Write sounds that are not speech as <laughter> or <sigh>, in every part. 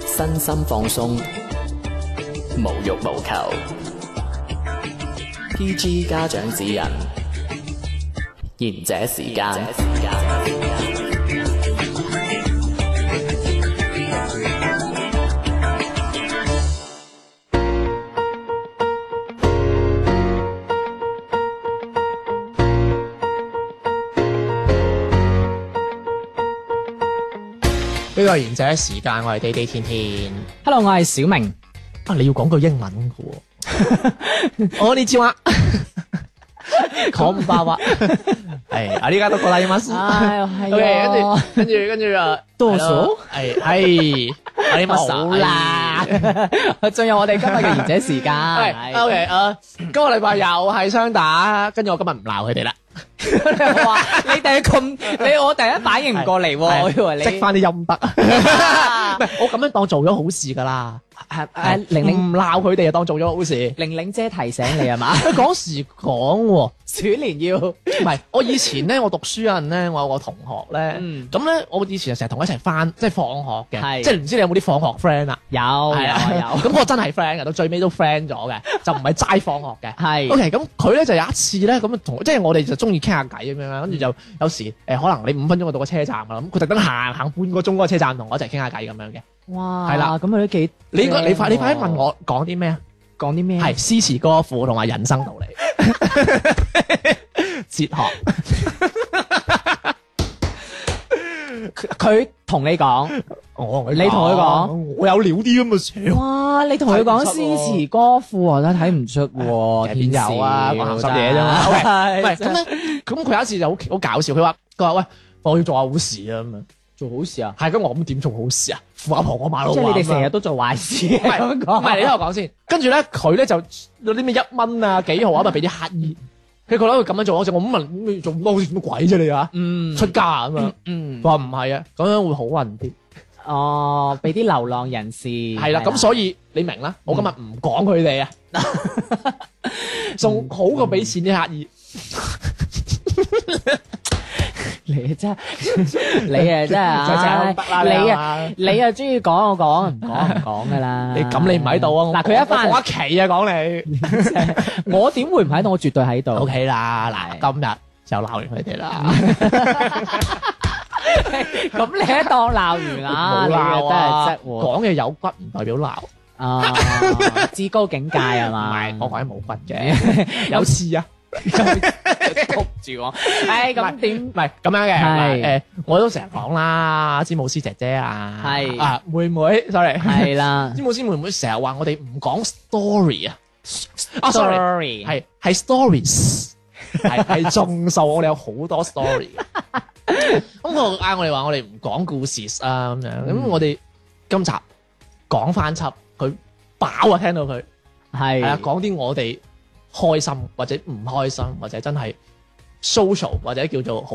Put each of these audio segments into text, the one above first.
身心放鬆，無欲無求。P G 家長指引，賢者時間。呢個係賢者時間，我係地地天天。Hello，我係小明。啊，你要講句英文嘅？我呢招啊，講白話。 <music> 係，ありがとうございます。O K，跟住跟住跟住啊，多謝，係係，ありがとう。好啦，仲 <laughs> 有我哋今日嘅賢者時間。係，O K，誒，今個禮拜又係雙打，跟住我今日唔鬧佢哋啦。 <laughs> 你，說說你第一咁， <laughs> 你我第一反應唔過嚟喎，我以為你積翻啲陰德。我咁樣當做咗好事噶啦。係，誒，玲玲唔鬧佢哋就當做咗好事。玲玲姐提醒你係嘛？講時講，鼠年要唔係？我以前咧，我讀書嗰陣咧，我有個同學咧，咁咧，我以前就成日同佢一齊返，即係放學嘅，即係唔知你有冇啲放學 friend 啦？有，係啊，有。咁我真係 friend 嘅，到最尾都 friend 咗嘅，就唔係齋放學嘅。係，OK，咁佢咧就有一次咧，咁同，即係我哋就中意傾下偈咁樣啦。跟住就有時誒，可能你五分鐘就到個車站啦，咁佢特登行行半個鐘個車站，同我一齊傾下偈咁樣嘅。哇，係啦，咁佢都幾你，你快你快啲問我講啲咩啊？講啲咩？係詩詞歌賦同埋人生道理、哲學。佢同你講，你同佢講，我有料啲咁嘅書。哇，你同佢講詩詞歌賦我都睇唔出，有啊，冇乜嘢啫嘛。係，咁樣咁佢有一次就好好搞笑，佢話佢話喂，我要做下護士啊咁啊。做好事啊？係咁我咁點做好事啊？扶阿婆我馬路啊！即係你哋成日都做壞事，唔係你喺度講先。跟住咧，佢咧就攞啲咩一蚊啊、幾毫啊，咪俾啲乞兒。佢佢覺得佢咁樣做，我就我咁問，做咁多好似乜鬼啫、啊、你啊？嗯，出家啊咁樣，嗯，話唔係啊，咁樣會好運啲。哦，俾啲流浪人士。係啦， <laughs> 咁所以你明啦。我今日唔講佢哋啊，仲、嗯、 <laughs> 好過俾錢啲乞兒。嗯嗯 <laughs> 你真係，你啊真係啊，你啊你啊中意講我講，講講噶啦。你咁你唔喺度啊？嗱，佢一翻屋企啊，講你，我點會唔喺度？我絕對喺度。O K 啦，嗱，今日就鬧完佢哋啦。咁你當鬧完啦，冇鬧啊。講嘅有骨唔代表鬧啊，至高境界係嘛？唔係，我講啲冇骨嘅，有事啊。就焗住我，唉，咁點？唔係咁樣嘅，係咪？誒，我都成日講啦，詹姆斯姐姐啊，係啊，妹妹，sorry，係啦。詹姆斯妹妹成日話我哋唔講 story 啊，啊，sorry，係係 stories，係係仲受我哋有好多 story。咁我嗌我哋話我哋唔講故事啊咁樣，咁我哋今集講翻輯，佢飽啊，聽到佢係係啊，講啲我哋。開心或者唔開心，或者真係 social 或者叫做好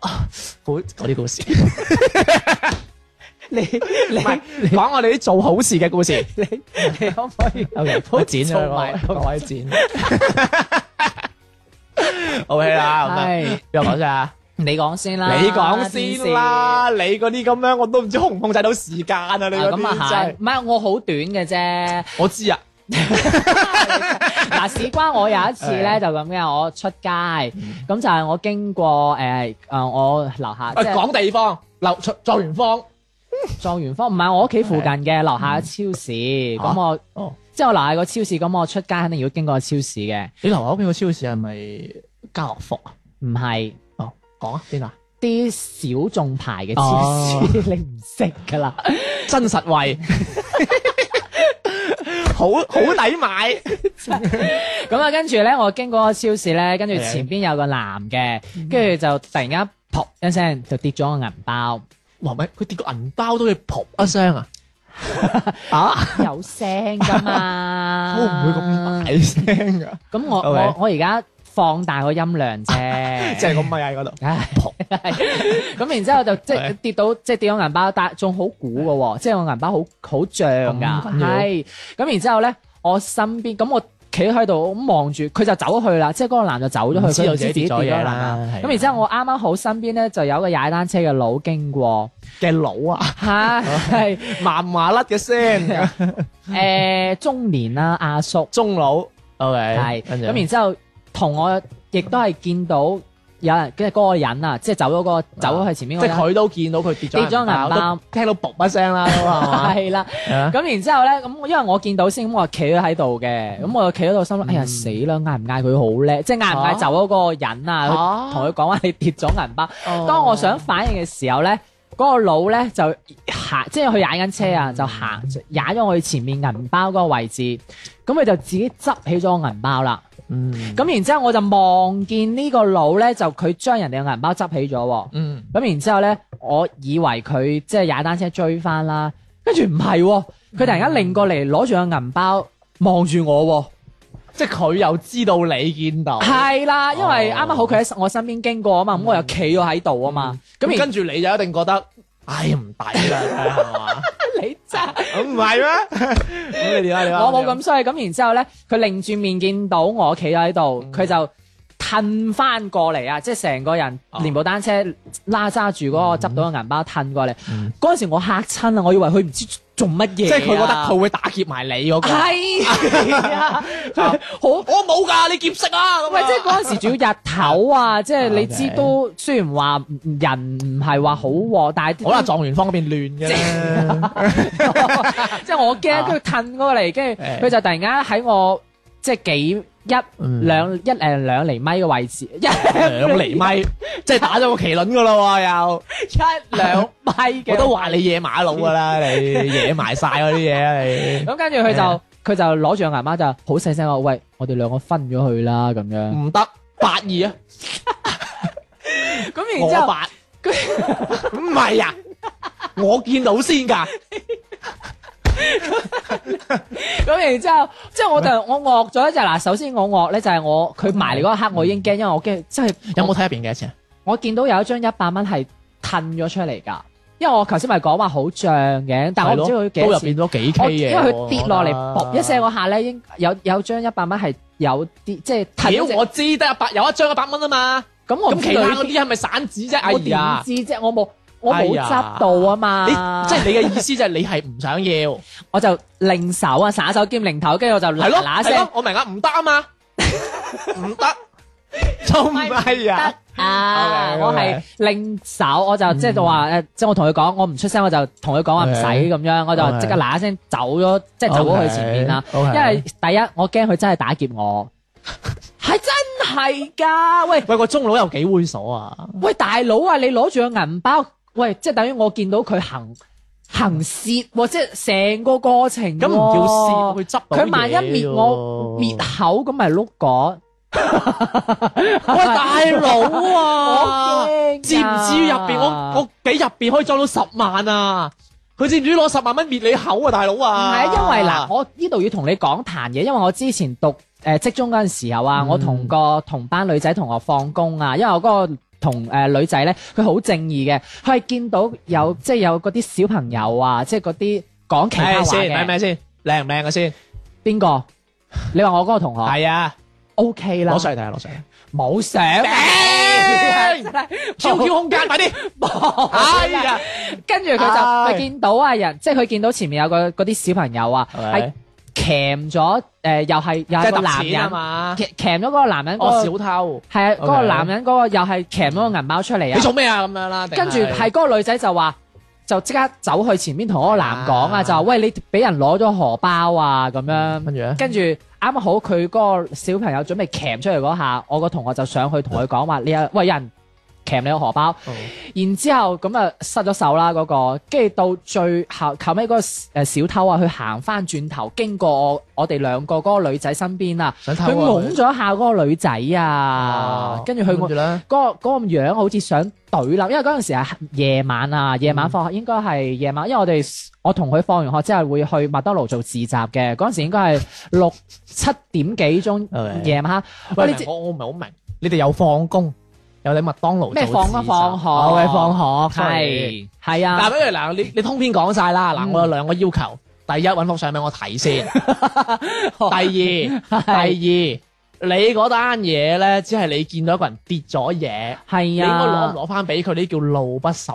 好嗰啲故事。你你唔係，講我哋啲做好事嘅故事。你你可唔可以？O K，鋪展咗啦，各位展。O K 啦，係邊個講先啊？你講先啦，你講先啦。你嗰啲咁樣，我都唔知控唔控制到時間啊！你嗰啲咁啊，係唔係？我好短嘅啫。我知啊。嗱，事關 <laughs> 我有一次咧就咁嘅，我出街，咁就係我經過誒誒、呃、我樓下，我講地方，樓出狀元坊，狀元坊，唔係我屋企附近嘅樓下超市，咁、嗯啊、我，哦，即係我樓下個超市，咁我出街肯定要果經過超市嘅，你樓下屋邊個超市係咪家樂福是、哦、啊？唔係、啊，哦，講啊， <laughs> 邊啊？啲小眾牌嘅超市你唔識噶啦，真實惠。 <laughs> 好好抵買，咁啊！跟住咧，我經過個超市咧，跟住前邊有個男嘅，跟住就突然間噗一聲就跌咗個銀包。哇！咪佢跌個銀包都要噗一聲啊？啊，有聲噶嘛？我唔會咁大聲噶。咁我我我而家。放大個音量啫，即係咁咪喺嗰度。咁然之後就即係跌到，即係跌咗銀包，但仲好鼓嘅喎，即係我銀包好好漲㗎。係咁然之後咧，我身邊咁我企喺度咁望住佢就走咗去啦，即係嗰個男就走咗去。唔知道自己跌咗嘢啦。咁然之後我啱啱好身邊咧就有個踩單車嘅佬經過嘅佬啊，係麻麻甩嘅聲。誒中年啦，阿叔中老，OK 係咁然之後。同我亦都係見到有人即係嗰個人啊，即係走咗、嗰個走去前面、啊。即係佢都見到佢跌跌咗銀包，聽到噗一聲啦，係啦。 <laughs> 咁 <laughs> 的、啊、然之後咧，咁因為我見到先，咁我企咗喺度嘅，咁我就企喺度心諗：哎呀死啦，嗌唔嗌佢好叻？即係嗌唔嗌走嗰個人啊？同佢講話你跌咗銀包。當我想反應嘅時候咧，嗰、嗰個腦咧就行，即係佢踩緊車啊，就行踩咗去前面銀包嗰個位置。咁佢就自己執起咗銀包啦。嗯，咁然之後我就望見呢個佬咧，就佢將人哋個銀包執起咗。嗯，咁然之後咧，我以為佢即係踩單車追翻啦，跟住唔係，佢突然間擰過嚟攞住個銀包望住我喎、哦，即係佢又知道你見到。係、嗯、啦，因為啱啱好佢喺我身邊經過啊嘛，咁、嗯、我又企咗喺度啊嘛。咁跟住你就一定覺得。 <laughs> 唉，唔抵啦，係 <laughs> 你咋？咁唔係咩？你 <laughs> 點啊？你我冇咁衰，咁 <laughs> 然之後咧，佢擰轉面見到我企喺度，佢、嗯、就。褪返過嚟啊！即係成個人連部單車拉揸住嗰個執到個銀包褪過嚟，嗰陣時我嚇親啊，我以為佢唔知做乜嘢，即係佢覺得佢會打劫埋你。我係啊，好！我冇㗎，你劫色啊！喂，即係嗰陣時仲要日頭啊！即係你知都雖然話人唔係話好，但係好啦，狀元坊嗰邊亂嘅，即係我驚，跟住褪過嚟，跟住佢就突然間喺我。即係幾一兩一零兩厘米嘅位置，一兩厘米，即係打咗個麒麟噶啦，又一兩米。我都話你野馬佬噶啦，你野埋晒嗰啲嘢，你咁跟住佢就佢就攞住我阿媽，就好細聲話：，喂，我哋兩個分咗去啦，咁樣唔得八二啊？咁然之後八，唔係啊，我見到先噶。咁 <laughs> 然之後，即係我就我惡咗一隻嗱，首先我惡咧就係、是、我佢埋嚟嗰一刻我已經驚，因為我驚真係有冇睇入邊幾多錢？我見到有一張一百蚊係褪咗出嚟噶，因為我頭先咪講話好漲嘅，但係我唔知佢幾多入邊多幾 K 嘅，因為佢跌落嚟的一聲嗰下咧，應有有張一百蚊係有啲，即係褪咗。我知得一百有一張有、就是、有一百蚊啊嘛，咁我咁其他嗰啲係咪散紙啫、啊？我唔知啫，我冇。我冇執到啊嘛，你即係你嘅意思就係你係唔想要，我就擰手啊，撒手兼擰頭，跟住我就嗱嗱聲，我明啊，唔得啊嘛，唔得，做乜呀？啊，我係擰手，我就即係就話，即係我同佢講，我唔出聲，我就同佢講話唔使咁樣，我就即刻嗱一聲走咗，即係走咗去前面啦。因為第一，我驚佢真係打劫我，係真係噶，喂喂，個鐘佬又幾猥瑣啊，喂大佬啊，你攞住個銀包。喂，即係等於我見到佢行行竊，即係成個過程。咁唔要竊，佢執到啲嘢、啊、萬一滅我滅 <laughs> 口，咁咪碌過。 <laughs> 喂，大佬啊，至唔至於入邊？我我幾入邊可以做到十萬啊？佢至唔至於攞十萬蚊滅你口啊？大佬啊！唔係，因為嗱，我呢度要同你講談嘢，因為我之前讀誒職、呃、中嗰陣時候啊，嗯、我同個同班女仔同學放工啊，因為我嗰、嗰個。同誒女仔咧，佢好正義嘅，佢係見到有即係有嗰啲小朋友啊，即係嗰啲講其他話嘅，係咩先？靚唔靚嘅先？邊個？你話我嗰個同學係啊？OK 啦，攞水睇！一，攞水冇想，超級空間快啲，哎呀！跟住佢就見到啊人，即係佢見到前面有個嗰啲小朋友啊，係。鉗咗誒，又係又係個男人，鉗鉗咗個男人，那個，oh，小偷，係啊，嗰個，個男人嗰個又係鉗咗個銀包出嚟啊！你做咩啊？咁樣啦，跟住係嗰個女仔就話，就即刻走去前面同嗰個男講啊，就話喂，你俾人攞咗荷包啊咁樣，跟住，跟住啱好佢嗰個小朋友準備鉗出嚟嗰下，我個同學就上去同佢講話， <laughs> 你啊喂人。鉗你個荷包，然之後咁啊、嗰個，失咗手啦嗰個，跟住到最後後尾嗰個誒小偷、個個偷啊，佢行翻轉頭經過我哋兩個嗰個女仔身邊啊，佢懵咗下嗰個女仔啊，跟住佢嗰個嗰個樣好似想懟啦，因為嗰陣時係夜晚啊，夜晚放學、嗯、應該係夜晚，因為我哋我同佢放完學之後會去麥當勞做自習嘅，嗰陣時應該係六 <laughs> 七點幾鐘夜 Okay, 晚上喂，你知我我唔係好明，你哋有放工？有你麥當勞做嘢放啊放，放學，好嘅放學，係係對啊。但不如，嗱，你你通篇講晒啦。嗱、嗯，我有兩個要求。第一，揾幅相俾我睇先。 <laughs> 第二，是第二，你嗰單嘢咧，只係你見到一個人跌咗嘢，係啊，應該攞攞翻俾佢，呢叫路不拾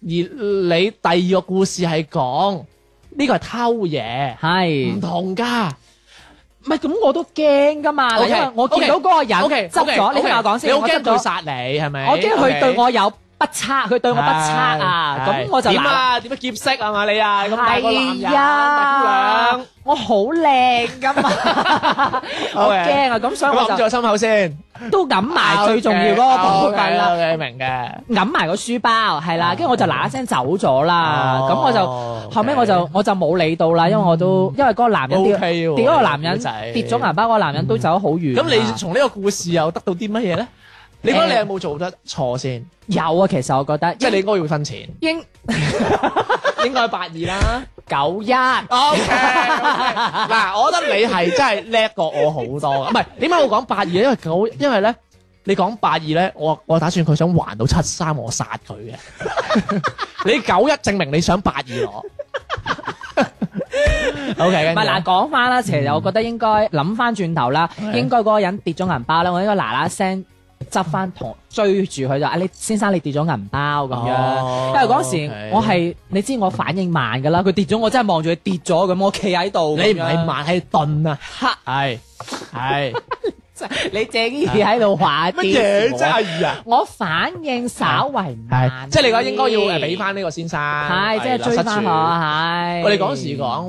遺。而你第二個故事係講呢個係偷嘢，係唔是同噶。唔係咁我都驚噶嘛，因為我見到嗰個人執咗，你聽我講先，我驚佢殺你係咪？我驚佢對我有不測，佢對我不測啊！咁我就點啊？點樣劫色啊？嘛你啊？咁大個男嘅姑娘，我好靚噶嘛，我好驚啊！咁所以我就捂住我心口先。都揞埋最重要嗰個部分啦，你、okay, okay, okay, 明嘅？揞埋個書包，係啦，跟住、oh, 我就嗱嗱聲走咗啦。咁、oh, 我就後尾 okay. 我就我就冇理到啦，因為我都因為嗰個男人跌，跌嗰 Okay, okay, 個男人跌咗銀包，個男人都走得好遠。咁你從呢個故事又得到啲乜嘢咧？ <laughs> 你覺得你有冇做得錯先？有啊，其實我覺得即係你應該要分錢，應應該八二啦，九一嗱。我覺得你係真係叻過我好多，唔係點解我講八二？因為九，因為咧你講八二咧，我我打算佢想還到七三，我殺佢嘅。你九一證明你想八二我。OK，唔係嗱，講翻啦。其實我覺得應該諗翻轉頭啦，應該嗰個人跌咗銀包咧，我應該嗱嗱聲。執翻同追住佢就，啊你先生你跌咗銀包咁樣，因為嗰時我係你知我反應慢噶啦，佢跌咗我真係望住佢跌咗咁，我企喺度。你唔係慢係鈍啊？係係，你借呢喺度玩，乜嘢真係啊？我反應稍微慢，即係你講應該要誒俾翻呢個先生，係即係追翻我係。我哋嗰時講，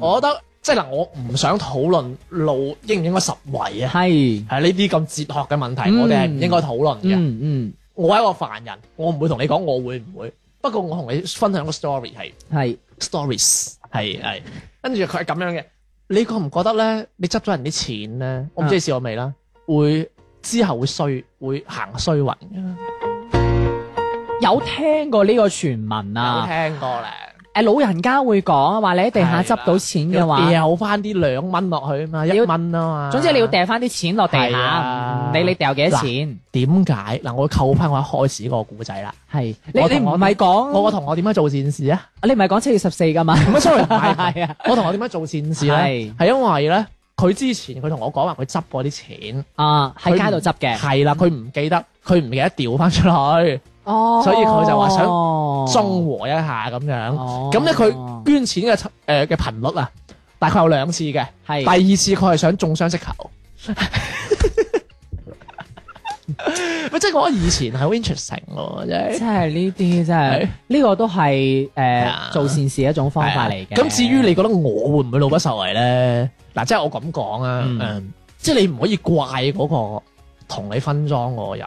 我覺得。即係嗱，我唔想討論路應唔應該拾遺啊。係係呢啲咁哲學嘅問題，嗯、我哋係唔應該討論嘅。嗯，我係一個凡人，我唔會同你講我會唔會，不過我同你分享個 story 係係是 stories 係係，跟住佢係咁樣嘅。你覺唔覺得咧？你執咗人啲錢咧，我唔知你試過未啦，嗯、會之後會衰，會行衰運嘅。有聽過呢個傳聞啊？有聽過咧。誒老人家會講話，你喺地下執到錢嘅話，掉翻啲兩蚊落去啊嘛，一蚊啊嘛。總之你要掉翻啲錢落地下。你你掉幾多錢？點解嗱？我扣翻我一開始嗰個故仔啦。係你你唔係講我個同學點樣做善事啊？你唔係講七月十四噶嘛？我 sorry，係啊。我同學點樣做善事咧？係因為咧，佢之前佢同我講話，佢執過啲錢啊，喺街度執嘅。係啦，佢唔記得，佢唔記得掉翻出去。哦，所以佢就話想中和一下咁樣，咁咧佢捐錢嘅誒嘅頻率啊，哦、大概有兩次嘅，係是的 第二次佢係想中雙色球。喂，即係我以前係好 interesting 咯，即係。即係呢啲真係呢的個都係誒做善事一種方法嚟嘅。咁至於你覺得我會唔會勞不授惠咧？嗱，即係我咁講啊，嗯、即係你唔可以怪嗰個同你分贓嗰個人。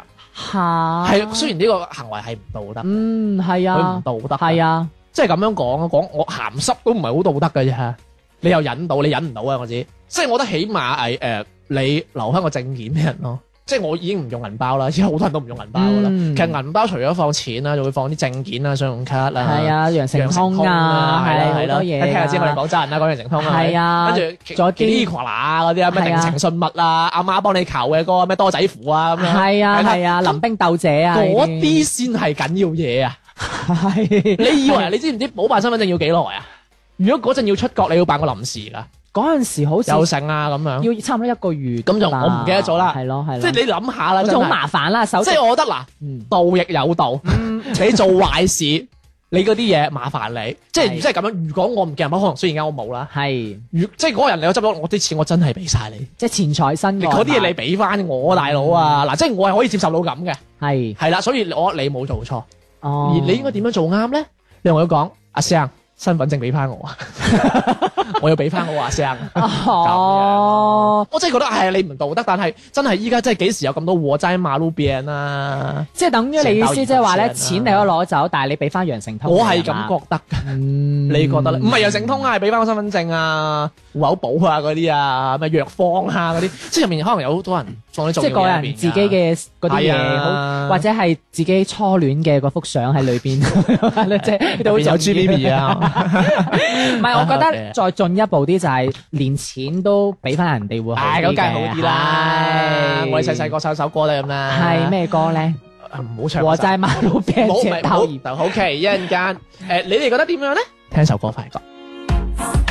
係，雖然呢個行為係唔道德，嗯，係啊，佢唔道德，係啊，即係咁樣講，講我鹹濕都唔係好道德嘅啫，你又忍到，你忍唔到啊！我知，即係我覺得起碼誒，誒、呃，你留翻個證件俾人咯。即係我已經唔用銀包啦，而家好多人都唔用銀包啦。其實銀包除咗放錢啦，就會放啲證件啦、信用卡啦、羊城通啊，係好多嘢。聽日先講真啦，講羊城通啦，係啊，跟住左幾啲嗱嗱嗰啲啊，咩定情信物啊，阿媽幫你求嘅嗰個咩多仔符啊，咁樣係啊係啊，臨兵鬥者啊，嗰啲先係緊要嘢啊。係你以為你知唔知補辦身份證要幾耐啊？如果嗰陣要出國，你要辦個臨時㗎。嗰陣時好似有成啊咁樣，要差唔多一個月咁就我唔記得咗啦，係咯係啦。即係你諗下啦，就好麻煩啦，首先，即係我覺得嗱，道亦有道，你做壞事，你嗰啲嘢麻煩你，即係即係咁樣。如果我唔記得，可能雖然啱我冇啦，係。如即係嗰個人你有執到我啲錢，我真係俾晒你，即係錢財身嘅嗰啲嘢，你俾翻我大佬啊嗱，即係我係可以接受到咁嘅，係係啦，所以我你冇做錯，而你應該點樣做啱咧？你同我講，阿生。身份證俾翻我， <laughs> 我要俾翻我話聲。哦，我真係覺得係、哎、你唔道德，但係真係依家真係幾時有咁多禍齋馬路變啊！即係等於你意思，即係話咧錢你可以攞走，但係你俾翻羊城通。我係咁覺得，嗯、 <laughs> 你覺得咧？唔係羊城通啊，係俾翻我身份證啊、戶口簿啊嗰啲啊、咩藥方啊嗰啲，即係入面可能有好多人。即係個人自己嘅啲嘢，或者係自己初戀嘅嗰幅相喺裏邊，即係都好在 GMB 啊！唔係，我覺得再進一步啲就係連錢都俾翻人哋會好，梗係好啲啦，我哋細細個唱首歌啦咁啦。係咩歌咧？唔好唱。和揸馬路邊隻頭頭，好奇一陣間。誒，你哋覺得點樣咧？聽首歌快歌。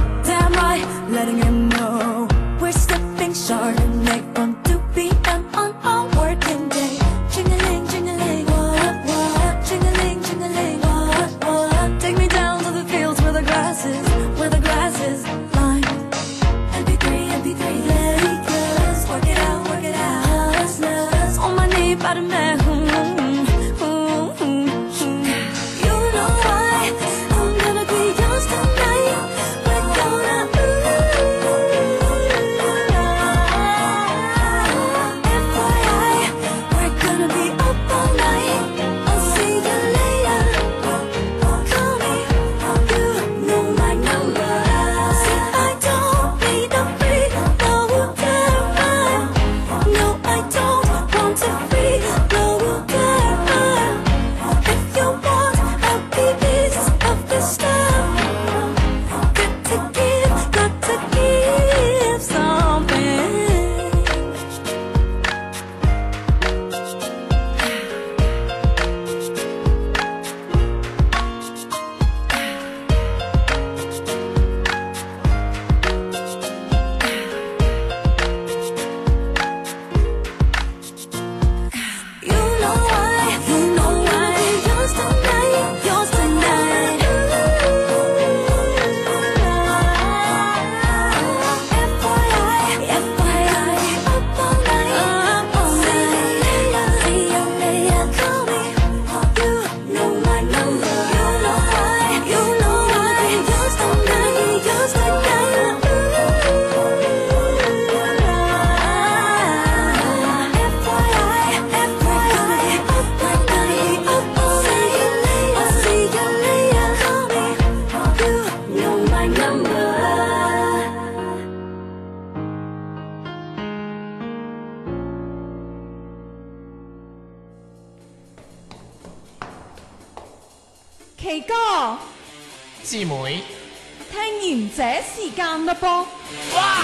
師妹，聽完這時間嘞噃。哇！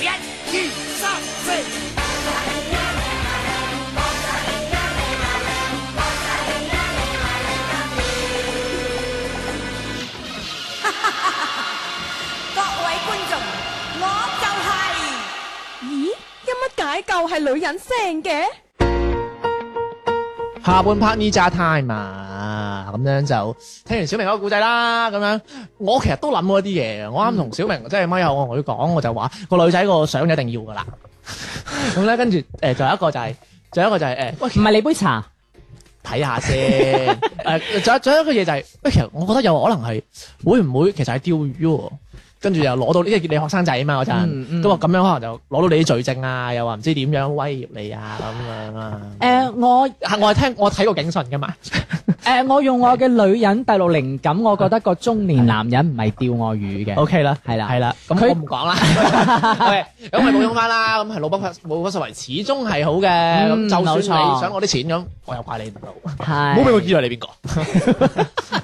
一、二、三、四、五、六、七、八、九、十、一、二、三、四、五、六、七、八、九、十、一。哈哈哈哈！各位觀眾，我就係。咦，有乜解救係女人聲嘅？下半 part 呢扎 time 啊！咁樣就聽完小明個故仔啦，咁樣我其實都諗過一啲嘢。我啱同小明、嗯、即係咪有我同佢講，我就話個女仔個相一定要噶啦。咁 <laughs> 咧、嗯，跟住誒，仲有一個就係、是，仲有一個就係、是、誒，唔、欸、係你杯茶，睇下先。誒、啊，仲有仲有一個嘢就係、是欸，其實我覺得有可能係會唔會其實係釣魚，跟住又攞到呢啲你學生仔嘛嗰陣，咁啊咁樣可能就攞到你啲罪證啊，又話唔知點樣威脅你啊咁樣。誒，我係我係聽我睇過警訊噶嘛。 <laughs> 誒，我用我嘅女人第六靈感，我覺得個中年男人唔係釣我魚嘅。O K 啦，係啦，係啦。咁我唔講啦。咁咪冇用翻啦。咁係老闆，冇咁作為，始終係好嘅。咁就算你想我啲錢咁，我又怪你唔到。係。冇俾佢以為你邊個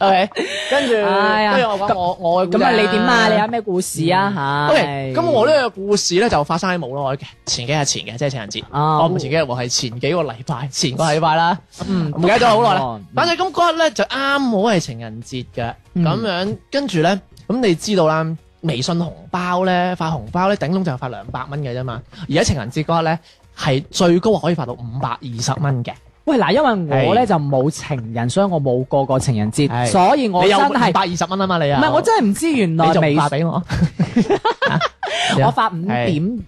？O K，跟住跟住我講我我嘅故事。咁啊，你點啊？你有咩故事啊？嚇。O K，咁我呢個故事咧就發生喺冇耐嘅前幾日前嘅，即係情人節。我唔係前幾日，我係前幾個禮拜，前個禮拜啦。唔解咗好耐啦。反正公嗰日咧就啱好係情人節嘅咁樣，嗯、跟住咧咁你知道啦，微信紅包咧發紅包咧頂籠就係發兩百蚊嘅啫嘛。而家情人節嗰日咧係最高可以發到五百二十蚊嘅。喂，嗱，因為我咧是就冇情人，所以我冇過過情人節，是所以我真係百二十蚊啊嘛，你，你 <laughs> 啊？唔係我真係唔知，原來你仲未發俾我？我發五點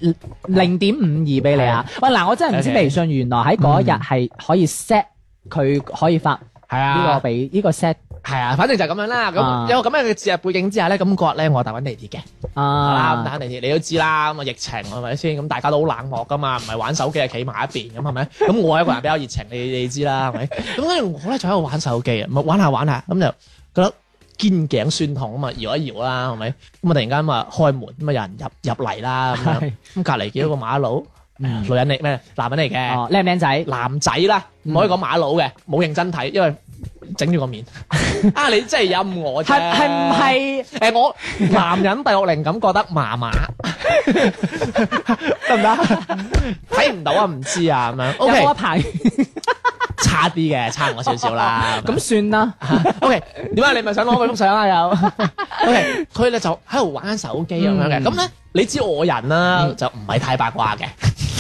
零點五二俾你啊！是喂，嗱、呃，我真係唔知微信原來喺嗰日係可以 set 佢可以發。係啊，呢個俾呢個 set 係啊，反正就咁樣啦。咁有咁樣嘅切入背景之下咧，咁嗰日咧我搭緊、 <noise> 嗯、地鐵嘅，啊咁搭緊地鐵，你都知啦。咁啊疫情係咪先？咁大家都好冷漠噶嘛，唔係玩手機啊，企埋一邊咁係咪？咁 <laughs> 我一個人比較熱情，你你知啦係咪？咁所以我咧就喺度玩手機啊，玩下玩下，咁就覺得肩頸酸痛啊嘛，搖一搖啦，係咪？咁啊突然間啊開門，咁啊有人入入嚟啦，咁樣咁隔籬見到個馬佬。女人嚟咩？男人嚟嘅，靚唔靚仔？男仔啦，唔可以講馬佬嘅，冇認真睇，因為整住個面。啊，你真係有咁我？係係唔係？誒，我男人第六靈感覺得麻麻，得唔得？睇唔到啊，唔知啊，咁樣。有冇得睇？差啲嘅，差我少少啦。咁算啦。O K，點解你咪想攞佢幅相啦？又 O K，佢咧就喺度玩手機咁樣嘅。咁咧，你知我人啦，就唔係太八卦嘅。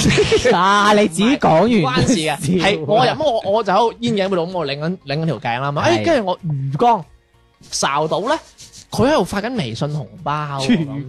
嗱、 <laughs> 啊，你自己講完關事嘅，係我又咁，我我就喺度煙影嗰度咁，我擰緊擰緊條頸啦嘛，誒，跟住我餘光收到咧，佢喺度發緊微信紅包，係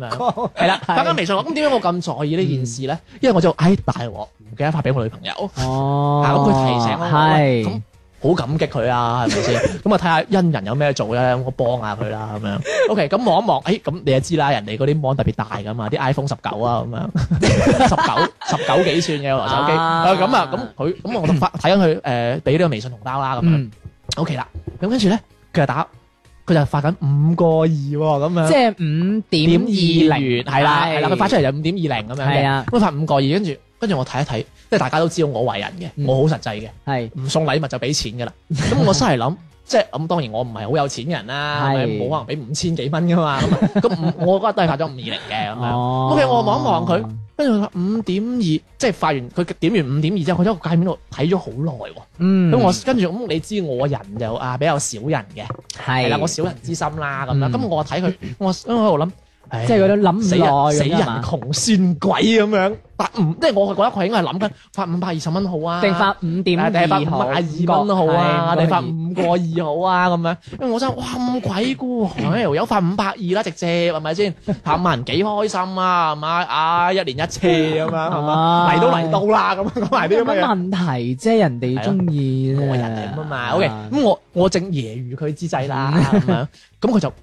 啦光，是發緊微信，咁點解我咁在意呢件事咧？因為我就誒，大鑊，唔記得發俾我女朋友。哦，咁佢 <laughs> 提醒我，是嗯好感激佢啊，係咪先？咁啊睇下恩人有咩做咧，我幫下佢啦咁樣。O K，咁望一望，誒、okay，咁、欸、你就知啦，人哋嗰啲網特別大噶嘛，啲 iPhone 十九啊咁樣，十九 <laughs> 十九幾寸嘅台手機。啊，啊，咁啊咁佢咁我就發睇緊佢誒俾呢個微信紅包啦咁樣。O K 啦，咁跟住咧佢就打，佢就發緊五個二咁樣。即係五點二零係啦係啦，佢對 發出嚟就五點二零咁樣嘅。佢的發五個二跟住。跟住我睇一睇，即係大家都知道我為人嘅，我好實際嘅，係唔送禮物就俾錢噶啦。咁我心係諗，即係咁當然我唔係好有錢人啦，係咪？冇可能俾五千幾蚊噶嘛。咁咁我嗰日都係發咗五二零嘅咁樣。O K，我望一望佢，跟住五點二，即係發完佢點完五點二之後，佢喺個界面度睇咗好耐喎。嗯，咁我跟住咁你知我人就啊比較小人嘅，係啦，我小人之心啦咁樣。咁我睇佢，我喺度諗。即係佢都諗唔死，死人窮算鬼咁樣發五，即係我係覺得佢應該係諗緊發五百二十蚊好啊，定發五點二蚊好啊，定發五個二好啊咁樣。我想係哇咁鬼估，有發五百二啦，直接係咪先？吓，萬人幾開心啊？係嘛啊，一年一次啊嘛，嚟都嚟到啦咁，咁嚟啲咁嘅。問題啫人哋中意，我人哋咁買。O K，咁我我正揶揄佢之際啦，咁樣咁佢就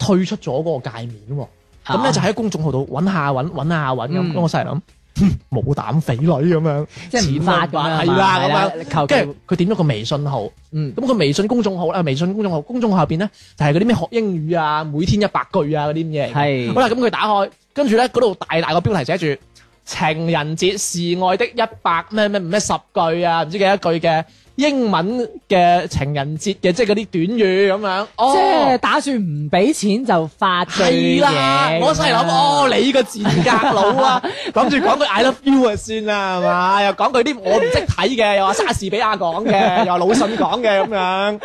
退出咗嗰個界面喎，咁咧就喺公眾號度揾下揾揾下揾咁，我成日諗冇膽肥女咁樣，即係唔發，係啊，跟住佢點咗個微信號，嗯，咁個微信公眾號啦，微信公眾號公眾號後邊咧就係嗰啲咩學英語啊，每天一百句啊嗰啲咁嘢，係，好啦，咁佢打開，跟住咧嗰度大大個標題寫住情人節示愛的一百咩咩咩十句啊，唔知幾多句嘅。英文嘅情人節嘅，即係嗰啲短語咁樣，即係打算唔俾錢就發最嘢。我細諗，哦，你個賤格佬啊，諗住講句 I love you 啊，算啦，係嘛？又講句啲我唔識睇嘅，又話莎士比亞講嘅，又話魯迅講嘅咁樣，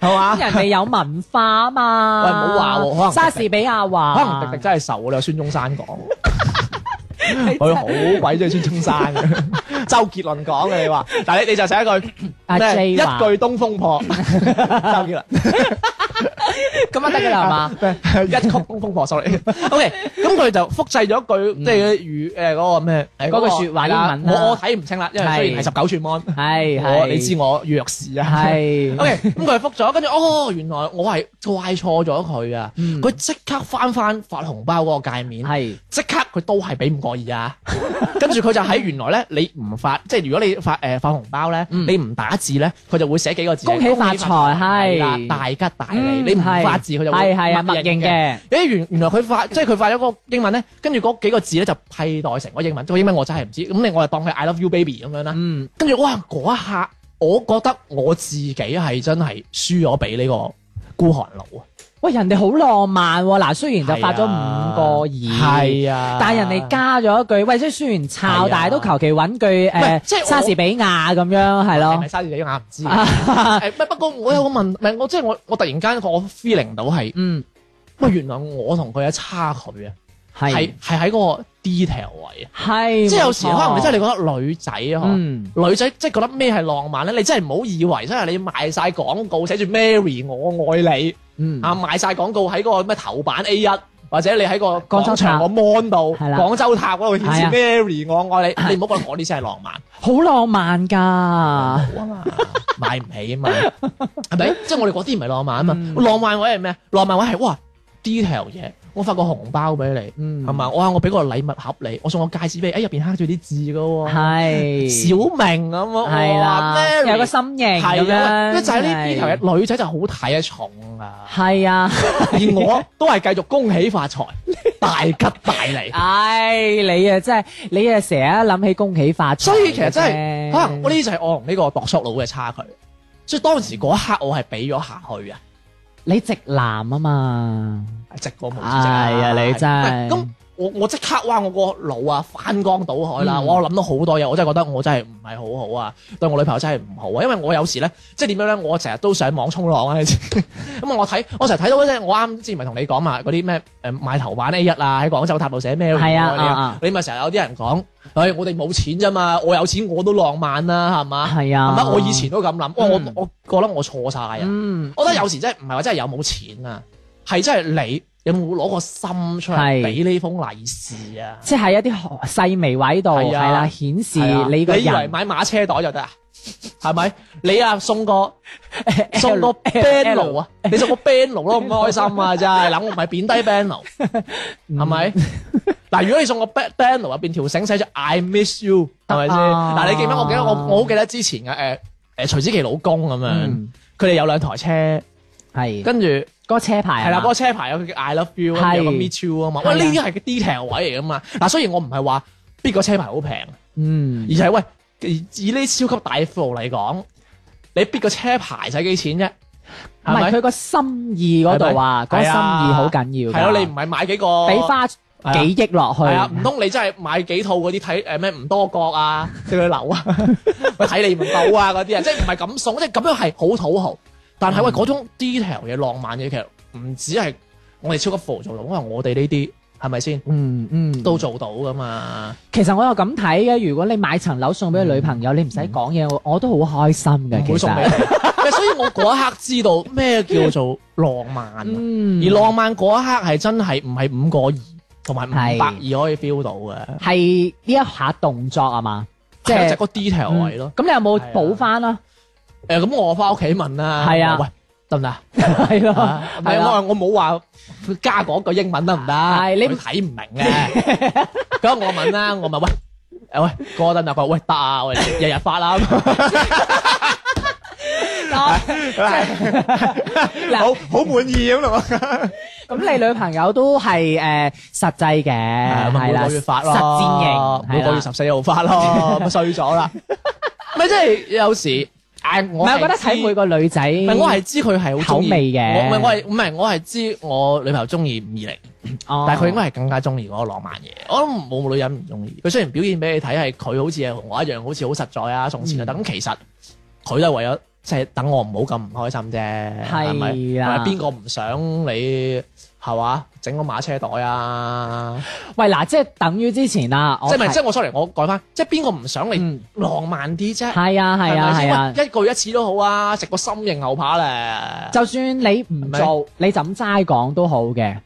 係嘛？人哋有文化啊嘛。喂，唔好話喎，莎士比亞話，可能迪迪真係愁啦。有孫中山講。佢好其鬼中意孫中山， <laughs> 周杰倫講嘅你話，但係你你就寫一句，即係、 <coughs> 啊、Jay、一句東風破， <laughs> 周杰倫。 <laughs> 咁啊得噶啦，係嘛？一曲《東風破》sorry。O K，咁佢就複製咗句，即係如誒嗰個咩？嗰句說話啦。英文。我我睇唔清啦，因為雖然係十九寸 mon。係，你知我弱視啊。係 O K，咁佢係複咗，跟住哦，原來我係怪錯咗佢啊！佢即刻翻翻發紅包嗰個界面，係即刻佢都係俾唔過意啊！跟住佢就喺原來咧，你唔發，即係如果你發誒發紅包咧，你唔打字咧，佢就會寫幾個字。恭喜發財，係大吉大利，係，發字佢就係默默認嘅。誒，原原來佢發 <laughs> 即係佢發咗一個英文咧，跟住嗰幾個字咧就替代成個英文。個 <laughs> 英文我真係唔知咁，你我就當佢 I love you baby 咁樣啦。嗯，跟住哇，嗰一刻我覺得我自己係真係輸咗俾呢個孤寒佬啊！喂，人哋好浪漫喎！嗱，雖然就發咗五個二、啊，但係人哋加咗一句，喂，即係雖然抄，啊、但係都求其揾句，誒是，呃、即係莎士比亞咁樣，係咯我？係咪莎士比亞唔知、 <laughs> 哎？不過我有個問，唔係我，即係我，我突然間我 feeling 到係，嗯，喂，原來我同佢有差距啊，係是，係喺嗰個。detail 位啊，係，即係有時可能你真係你覺得女仔啊，女仔即係覺得咩係浪漫咧？你真係唔好以為，真係你賣晒廣告寫住 Mary 我愛你，啊賣晒廣告喺嗰個咩頭版 A 一，或者你喺個廣州場個 Mon 度，廣州塔嗰個電視 Mary 我愛你，你唔好覺得我呢先係浪漫，好浪漫㗎，啊嘛買唔起啊嘛，係咪？即係我哋嗰啲唔係浪漫啊嘛，浪漫位係咩？浪漫位係哇 detail 嘢。我發個紅包俾你，係咪、嗯？我話我俾個禮物盒你，我送個戒指俾你，喺入邊刻住啲字噶、啊。係是小明咁，啊、我話咩？有個心形咁樣。就係呢呢頭嘢，女仔就好睇啊重啊。係啊，啊 <laughs> 而我都係繼續恭喜發財， <laughs> 大吉大利。唉、 <laughs> 哎，你啊真係，你啊成日諗起恭喜發財。所以其實真係，可能、啊、我呢就係我同呢個讀書佬嘅差距。所以當時嗰一刻我係俾咗下去啊。你直男啊嘛。即個無知者啊！你真係！咁我我即刻哇！我個腦啊翻江倒海啦！我諗到好多嘢，我真係覺得我真係唔係好好啊！對我女朋友真係唔好啊！因為我有時咧，即係點樣咧，我成日都上網沖浪啊！你知唔知？咁啊，我睇我成日睇到咧，我啱之前咪同你講嘛，嗰啲咩誒買頭版 A 一啊，喺廣州塔度寫咩？係啊！你咪成日有啲人講，誒，我哋冇錢咋嘛？我有錢我都浪漫啦，係嘛？係啊！乜我以前都咁諗，我我我覺得我錯晒啊！我覺得有時真係唔係話真係有冇錢啊！係真係你有冇攞個心出嚟俾呢封利是啊？即係一啲細微位度係啦，顯示你個人。你以為買馬車袋就得啊？係咪？你啊送個送個 bando 啊？你送個 bando 囉，唔開心啊！真係諗我唔係貶低 bando 係咪？嗱，如果你送個 bando 入邊條繩寫咗，I miss you 係咪先？嗱，你記唔記得？我記得我我好記得之前嘅誒誒徐子淇老公咁樣，佢哋有兩台車，係跟住。嗰個車牌係啦，嗰個車牌有佢叫 I Love You，有咁 Meet You 啊嘛，喂，呢啲係 detail 位嚟噶嘛。嗱，雖然我唔係話 bid 個車牌好平，嗯，而係喂，以呢超級大富豪嚟講，你 bid 個車牌使幾錢啫？係咪佢個心意嗰度啊？個心意好緊要。係咯，你唔係買幾個，俾花幾億落去。係啊，唔通你真係買幾套嗰啲睇誒咩唔多角啊，對佢樓啊，睇你唔到啊嗰啲啊，即係唔係咁送，即係咁樣係好土豪。但係喂，嗰種 detail 嘅浪漫嘅其實，唔只係我哋超級輔助到，因為我哋呢啲係咪先？嗯嗯，都做到噶嘛。其實我又咁睇嘅，如果你買層樓送俾你女朋友，你唔使講嘢，我都好開心嘅。其實所以我嗰一刻知道咩叫做浪漫。而浪漫嗰一刻係真係唔係五個二同埋五百二可以 feel 到嘅。係呢一下動作吖嘛？即係個 detail 位咯。咁你有冇補翻啦？誒，咁我翻屋企問啦，係啊，喂，得唔得？係咯，係我話我冇話加嗰句英文得唔得？你睇唔明嘅，咁我問啦，我咪喂，誒喂，哥登就話，喂得啊，我日日發啦，好好滿意咁咯，咁你女朋友都係誒實際嘅，係啦，十，實戰嘅，每個月十四號發咯，咁衰咗啦，咪即係有時。哎、我係是覺得睇每個女仔，我係知佢係好口味嘅。唔係我係唔係我係知我女朋友中意五二零，但係佢應該係更加中意嗰個浪漫嘢。我諗冇女人唔中意。佢雖然表現俾你睇係佢好似係同我一樣，好似好實在啊、送錢啊等，嗯、但其實佢都係為咗即係等我唔好咁唔開心啫。係咪啊？邊個唔想你？係嘛？整個馬車袋啊！喂，嗱，即係等於之前啦，即係咪？即係我 sorry，我改翻，即係邊個唔想你浪漫啲啫？係啊，係啊，係啊，一個月一次都好啊，食個心形牛扒咧。就算你唔做，你就咁齋講都好嘅。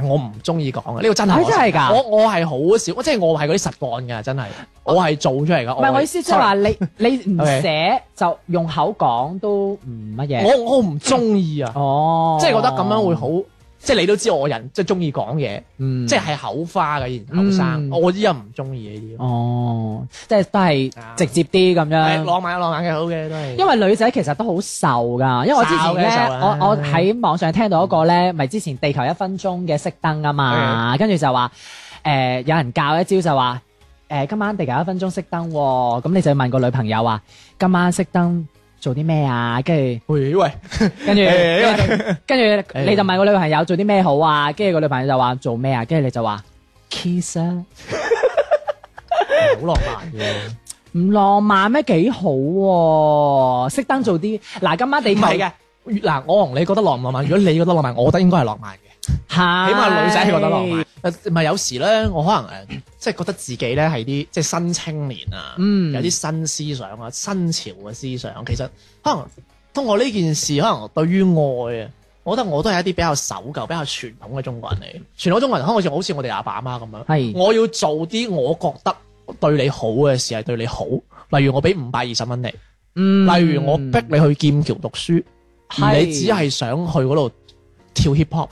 我唔中意講嘅呢個真係，係真係㗎。我我係好少，我即係我係嗰啲實幹嘅，真係我係做出嚟嘅。唔係我意思，即係話你你唔寫就用口講都唔乜嘢。我我唔中意啊，哦，即係覺得咁樣會好。即係你都知我人即係中意講嘢，即係係、嗯、口花嘅，然後生、嗯、我啲人唔中意呢啲。哦，即係都係直接啲咁樣，浪漫一浪漫嘅好嘅都係。因為女仔其實都好瘦噶，因為我之前咧的，我我喺網上聽到一個咧，咪、嗯、之前地球一分鐘嘅熄燈啊嘛，嗯、跟住就話，誒、呃，有人教一招就話，誒、呃，今晚地球一分鐘熄燈，咁你就問個女朋友話，今晚熄燈。做啲咩啊？跟住喂，跟住跟住，你就問個女朋友做啲咩好啊？跟住個女朋友就話做咩啊？跟住你就話 kiss 啊，好、 <laughs> <laughs> 嗯、浪漫嘅，唔浪漫咩？幾好喎、啊，熄燈做啲嗱今晚你唔係嘅，嗱我同你覺得浪唔浪漫？如果你覺得浪漫， <laughs> 我覺得應該係浪漫嘅。係，起碼女仔係覺得浪漫。唔係的有時咧，我可能誒，即係覺得自己咧係啲即係新青年啊，嗯、有啲新思想啊，新潮嘅思想。其實可能通過呢件事，可能對於愛啊，我覺得我都係一啲比較守舊、比較傳統嘅中國人嚟。傳統中國人可能好似我哋阿爸阿媽咁樣。係的，我要做啲我覺得對你好嘅事係對你好。例如我俾五百二十蚊你，嗯、例如我逼你去劍橋讀書，的你只係想去嗰度。跳 hip hop，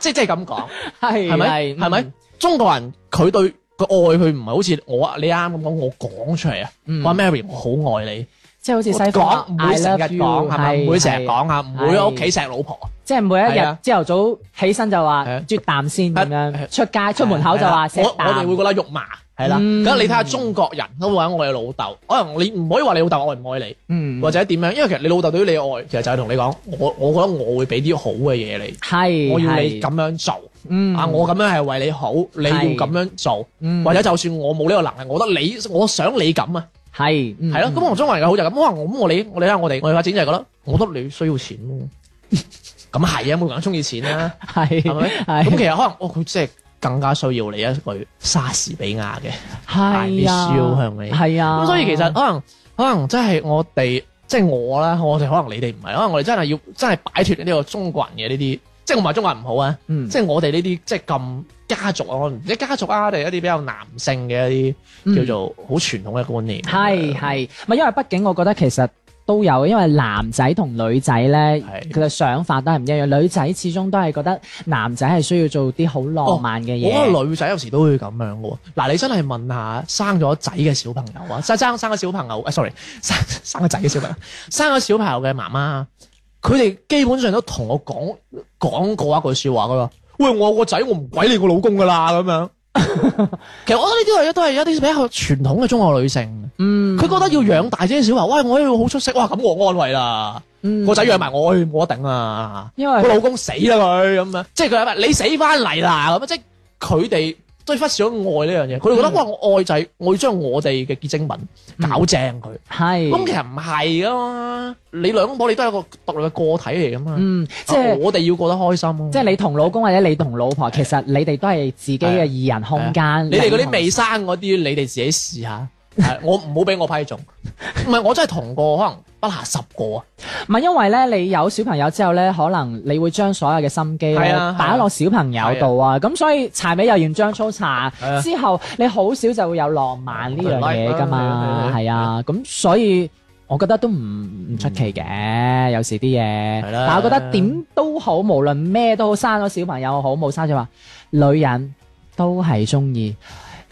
即即係咁講，係係咪係咪？中國人佢對佢愛佢唔係好似我你啱啱咁講，我講出嚟啊！我 Mary 我好愛你，即係好似西講，唔會成日講，係咪？唔會成日講啊！唔會喺屋企錫老婆，即係每一日朝頭早起身就話啜啖先咁樣，出街出門口就話錫。我我哋會覺得肉麻。係啦，咁你睇下中國人都會話我嘅老豆，可能你唔可以話你老豆愛唔愛你，或者點樣？因為其實你老豆對於你嘅愛，其實就係同你講，我我覺得我會俾啲好嘅嘢你，我要你咁樣做，啊我咁樣係為你好，你要咁樣做，或者就算我冇呢個能力，我覺得你，我想你咁啊，係係咯。咁黃宗華又好就咁，哇！咁我你我睇我哋我哋發展就係覺得我覺得你需要錢咯，咁係啊，冇人中意錢啦，係咪？咁其實可能我佢即係。更加需要你一句莎士比亞嘅，係啊，係咪？係啊，咁、啊、所以其實可能可能真係我哋即係我啦，我哋可能你哋唔係，可能我哋真係要真係擺脫呢個中國人嘅呢啲，即係我唔係中國人唔好啊，即係、嗯、我哋呢啲即係咁家族啊，可能一啲家族啊，定係一啲比較男性嘅一啲、嗯、叫做好傳統嘅觀念。係係，係樣因為畢竟我覺得其實。都有，因為男仔同女仔咧，佢嘅是想法都係唔一樣。女仔始終都係覺得男仔係需要做啲好浪漫嘅嘢。哦，我覺得女仔有時都會咁樣嘅喎。嗱，你真係問下生咗仔嘅小朋友啊，即係生生個小朋友，sorry，生生個仔嘅小朋友，生個小朋友嘅媽媽，佢、啊、哋基本上都同我講講過一句話說話嘅咯。喂，我個仔我唔鬼你個老公㗎啦，咁樣。 <laughs> 其實我覺得呢啲都係一啲比較傳統嘅中國女性。嗯，佢覺得要養大啲小朋友，哇！我要好出色，哇！咁我安慰啦，個仔養埋我，冇得頂啊！因為個老公死啦佢咁樣，即係佢話你死翻嚟啦咁啊！即係佢哋都忽視咗愛呢樣嘢，佢哋覺得哇！我愛就係我要將我哋嘅結晶品搞正佢，係咁其實唔係噶嘛，你兩公婆你都係一個獨立嘅個體嚟噶嘛，嗯，即係我哋要過得開心，即係你同老公或者你同老婆，其實你哋都係自己嘅二人空間，你哋嗰啲未生嗰啲，你哋自己試下。 <laughs> 我唔好俾我批中，唔係我真係同過可能不下十個啊。唔係因為咧，你有小朋友之後咧，可能你會將所有嘅心機擺落小朋友度啊，咁所以柴米油鹽醬醋茶之後，你好少就會有浪漫呢樣嘢噶嘛，係啊。咁、啊啊啊、所以我覺得都唔唔出奇嘅，嗯、有時啲嘢。啊啊、但係我覺得點都好，無論咩都好，好生咗小朋友好冇生就話，女人都係中意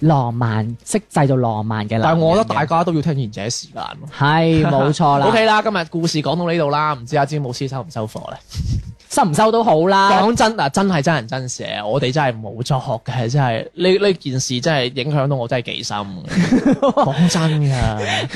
浪漫，識製造浪漫嘅啦。但係我覺得大家都要聽賢者時間咯。係，冇錯啦。OK 啦，今日故事講到呢度啦，唔知阿詹姆斯收唔收貨咧？ <laughs> 收唔收都好啦。講真嗱，真係真人真事，我哋真係冇作學嘅，真係呢呢件事真係影響到我真係幾深。講 <laughs> 真㗎，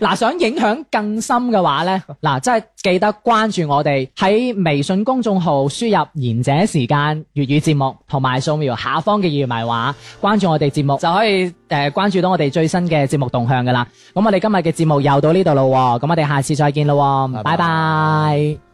嗱 <laughs> 想影響更深嘅話咧，嗱真係記得關注我哋喺微信公眾號輸入賢者 <laughs> 時間粵語節目，同埋掃描下方嘅二維碼關注我哋節目， <laughs> 就可以誒關注到我哋最新嘅節目動向㗎啦。咁我哋今日嘅節目又到呢度啦喎，咁我哋下次再見啦，拜拜 bye。